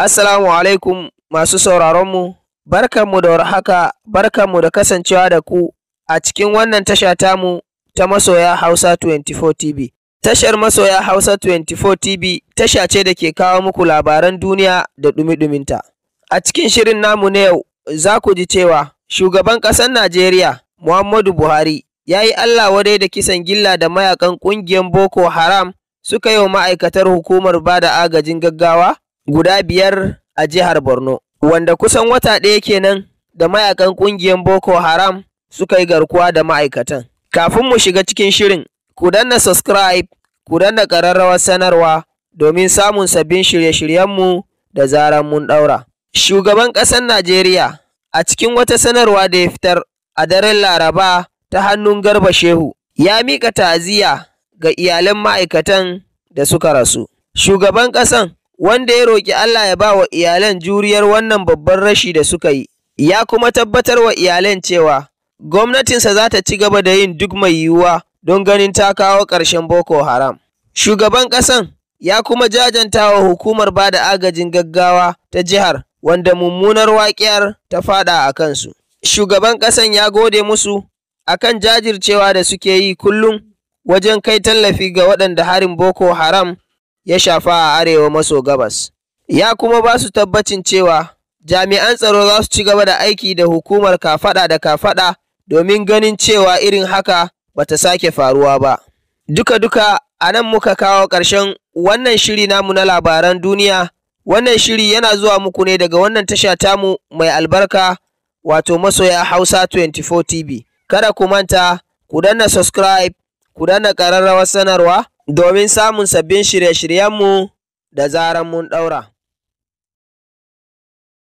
Assalamu alaikum masu sauraronmu, barkanmu da warhaka, barkanmu da kasancewa da ku a cikin wannan tasha tamu ta Masoya Hausa 24 TV. Tashar Masoya Hausa 24 TV tasha ce da ke kawo muku labaran duniya da ɗumi-ɗuminta. A cikin shirin namu na yau za ku ji cewa shugaban ƙasar Najeriya Muhammadu Buhari ya yi Allah wadai da kisan gilla da mayakan ƙungiyar Boko Haram suka yi wa ma'aikatar hukumar ba da agajin gaggawa guda biyar a jihar Borno, wanda kusan wata ɗaya kenan da mayakan ƙungiyar Boko Haram suka yi garkuwa da ma'aikatan. Kafin mu shiga cikin shirin, ku danna subscribe, ku danna ƙararrawar sanarwa domin samun sabbin shirye-shiryenmu da zarar mun ɗaura. Shugaban ƙasar Najeriya a cikin wata sanarwa da ya fitar a daren Laraba ta hannun Garba Shehu ya miƙa ta'aziyya ga iyalan ma'aikatan da suka rasu. Shugaban ƙasan wanda ya roƙi Allah ya ba wa iyalan juriyar wannan babban rashi da suka yi. Ya kuma tabbatar wa iyalan cewa gwamnatinsa za ta ci gaba da yin duk mai yiwuwa don ganin ta kawo ƙarshen Boko Haram. Shugaban ƙasan ya kuma jajanta wa hukumar ba da agajin gaggawa ta jihar wanda mummunar waƙiyar ta faɗa a kansu. Shugaban ƙasan ya gode musu a kan jajircewa da suke yi kullum wajen kai tallafi ga waɗanda harin Boko Haram ya shafa a arewa maso gabas. Ya kuma ba su tabbacin cewa jami'an tsaro za su ci gaba da aiki da hukumar kafaɗa da kafaɗa domin ganin cewa irin haka bata sake faruwa ba. Duka-duka a nan muka kawo ƙarshen wannan shiri namu na labaran duniya. Wannan shiri yana zuwa muku ne daga wannan tasha tamu mai albarka wato masoya Hausa 24 TV. Kada ku manta, ku danna subscribe, ku danna ƙararrawar sanarwa domin samun sabbin shirye-shiryenmu da zarar mun ɗaura.